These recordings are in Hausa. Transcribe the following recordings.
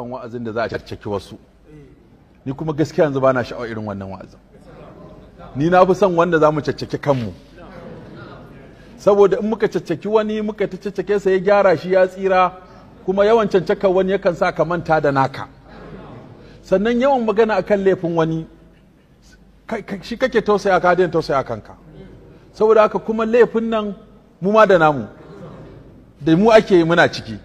sha'awan wa'azin da za a carcaki wasu ni kuma gaskiya yanzu ba na sha'awa irin wannan wa'azin ni na fi son wanda za mu caccaki kanmu saboda in muka caccaki wani muka ta caccake sa ya gyara shi ya tsira kuma yawan cancaka wani yakan sa ka manta da naka sannan yawan magana akan laifin wani shi kake tausaya ka den tausaya kanka saboda haka kuma laifin nan mu ma da namu da mu ake muna ciki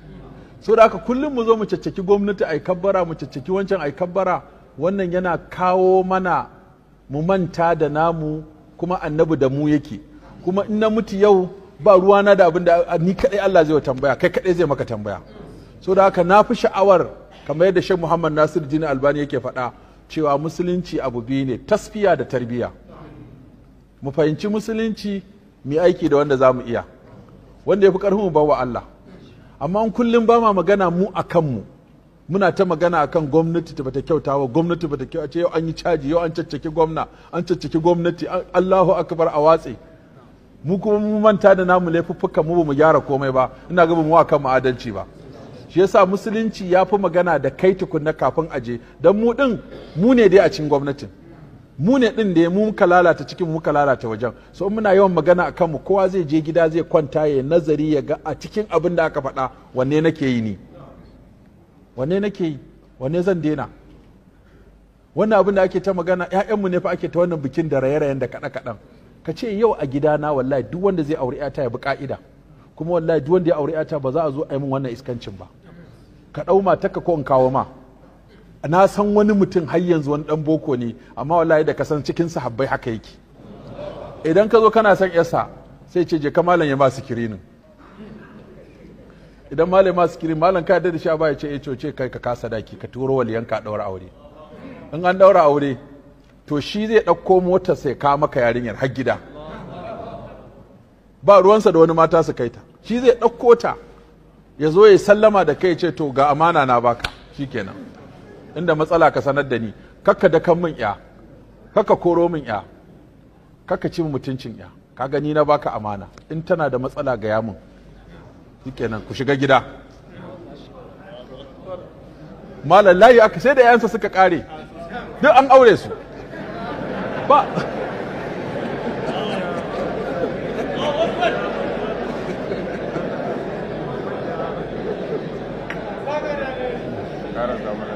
so da haka kullum mu zo mu caccaki gwamnati ai kabbara mu caccaki wancan ai kabbara wannan yana kawo mana mu manta da namu kuma annabi da mu yake kuma in na mutu yau ba ruwa na da abin da ni kadai Allah zai tambaya kai kadai zai maka tambaya so da haka na fi sha'awar kamar yadda Sheikh Muhammad Nasir Jini Albani yake faɗa cewa musulunci abu biyu ne tasfiya da tarbiya mu fahimci musulunci mu aiki da wanda za mu iya wanda ya fi ba mu wa Allah amma in kullum ba ma magana mu a kanmu muna ta magana akan gwamnati ta bata kyauta wa gwamnati bata kyauta ce yau an yi caji yau an caccaki gwamna an caccaki gwamnati Allahu akbar a watse mu kuma mu manta da namu laifuffuka mu mu gyara komai ba ina ga mu akan mu adalci ba shi yasa musulunci ya fi magana da kai tukunna kafin aje dan mu din mu ne dai a cikin gwamnatin mu ne din da mu muka lalata cikin muka lalata wajen so muna yawan magana a kanmu kowa zai je gida zai kwanta ya nazari ya ga a cikin abin da aka faɗa wanne nake yi ni wanne nake yi wanne zan daina wannan abin da ake ta magana ƴaƴanmu ne fa ake ta wannan bikin da raye-rayen da kaɗa-kaɗan ka ce yau a gida na wallahi duk wanda zai aure ƴata ya bi ka'ida kuma wallahi duk wanda ya aure ƴata ba za a zo a yi min wannan iskancin ba ka ɗau ka ko in kawo ma na san wani mutum har yanzu wani dan boko ne amma wallahi da kasan cikin sahabbai haka yake idan ka zo kana son yasa sai ce je ka malam ya ma sikirinin idan malam ya ma sikirin malam ka da sha ba baya ce eh ce kai ka kasa daki ka turo waliyan ka daura aure in an daura aure to shi zai ɗauko mota sai ka maka yarinyar har gida ba ruwansa da wani mata su kai ta shi zai ɗauko ta ya zo ya sallama da kai ce to ga amana na baka shikenan inda matsala ka sanar da ni kakka da kan min ya kakka koro min ya kakka ci mutuncin ya ka gani na baka amana in tana da matsala ga yamin shikenan ku shiga gida malam aka sai da yayansa suka kare duk an aure su ba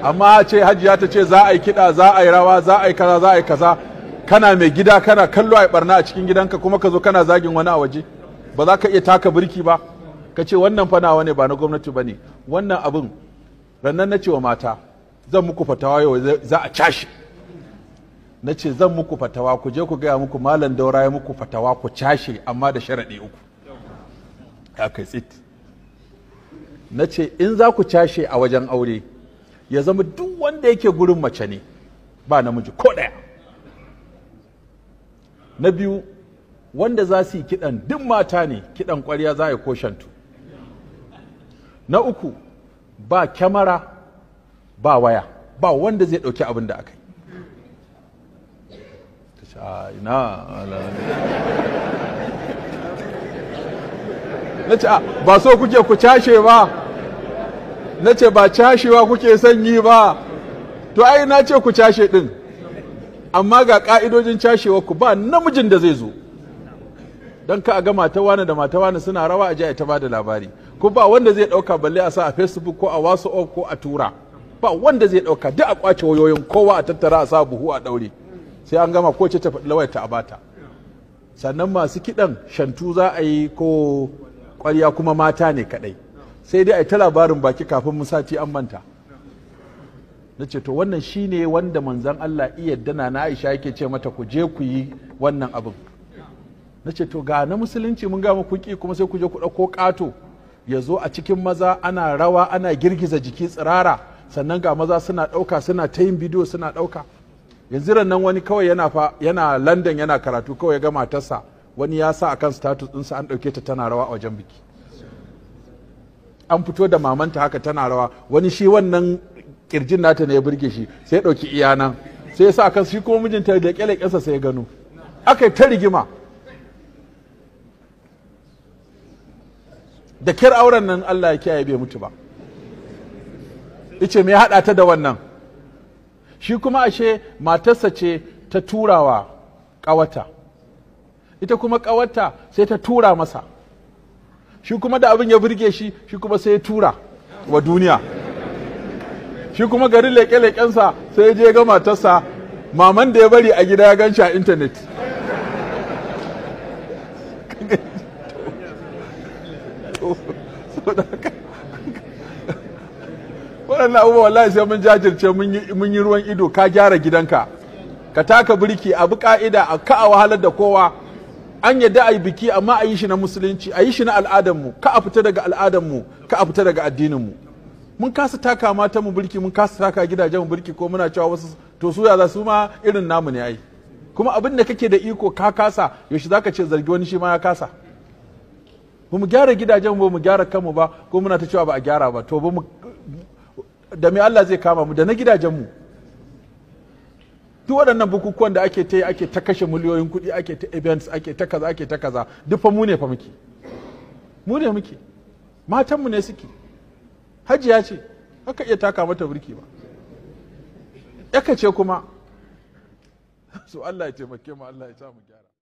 amma ce hajiya ta ce za a yi kiɗa za a yi rawa za a yi kaza za a yi kaza kana mai gida kana kallo a barna a cikin gidanka kuma ka zo kana zagin wani a waje ba za ka iya taka birki ba ka ce wannan fanawa ne ba na gwamnati ba ne wannan abin rannan na ce wa mata zan muku fatawa yau za a cashe na ce zan muku fatawa ku je ku gaya muku malam daura ya muku fatawa ku cashe amma da sharaɗi uku ya kai tsit na ce in za ku cashe a wajen aure ya zama duk wanda yake gurin mace ne ba namiji ko ɗaya na biyu wanda za su yi kiɗan duk mata ne kiɗan ƙwarya za a yi koshantu na uku ba kyamara ba waya ba wanda zai ɗauki abin da aka yi ah, na ce ah, ba so kuke ku cashe ba na ce ba cashewa kuke sanyi ba to ai na ce ku cashe ɗin amma ga ƙa'idojin cashewa ku ba namijin da zai zo don ka a ga mata wani da mata wani suna rawa a ji ta ba da labari ku ba wanda zai ɗauka balle a sa a facebook ko a whatsapp ko a tura ba wanda zai ɗauka duk a kwace wayoyin kowa a tattara a sa buhu a ɗaure sai an gama ko ce ta faɗi lawai ta abata sannan masu kiɗan shantu za a yi ko ƙwarya kuma mata ne kaɗai sai dai a ta labarin baki kafin mu sati an manta na ce to wannan shine wanda manzan Allah iya dana na Aisha yake ce mata ku je ku yi wannan abin na ce to ga na musulunci mun ga ku kuma sai ku je ku ɗauko ƙato ya zo a cikin maza ana rawa ana girgiza jiki tsirara sannan ga maza suna ɗauka suna ta yin bidiyo suna ɗauka yanzu ran nan wani kawai yana fa yana London yana karatu kawai ya ga matarsa wani ya sa akan status ɗinsa an ɗauke ta tana rawa a wajen biki an fito da mamanta haka tana rawa wani shi wannan kirjin nata ne ya burge shi sai ɗauki iya nan sai ya sa kan shi kuma mijinta da kyale sai ya gano aka yi ta rigima da kyar auren nan Allah ya kiyaye bai mutu ba ice me ya haɗa ta da wannan shi kuma ashe matarsa ce ta turawa ƙawata ita kuma ƙawata sai ta tura masa shi kuma da abin ya burge shi shi kuma sai ya tura wa duniya shi kuma garin leƙe-leƙensa sai ya je ga matarsa maman da ya bari a gida ya gan shi a intanet waɗannan abubuwa wallahi sai mun jajirce mun yi ruwan ido ka gyara gidanka ka taka birki abu ka'ida a ka a wahalar da kowa an yadda a yi biki amma a yi shi na musulunci a yi shi na al'adarmu ka a fita daga al'adarmu ka a fita daga addininmu mun kasa taka mata mu birki mun kasa taka gidajen mu birki ko muna cewa wasu to su su ma irin namu ne ai kuma abin da kake da iko ka kasa yaushe zaka ce zargi wani shi ma ya kasa ba mu gyara gidajen ba mu gyara kanmu ba ko muna ta cewa ba a gyara ba to ba mu da me Allah zai kama mu da na gidajen mu duk waɗannan bukukuwan da ake ta yi ake ta kashe miliyoyin kuɗi ake ta events ake ta kaza ake ta kaza duk fa mu ne fa muke mu ne muke matanmu ne suke hajiya ce haka iya taka mata burki ba yaka ce kuma so Allah ya taimake mu Allah ya sa mu gyara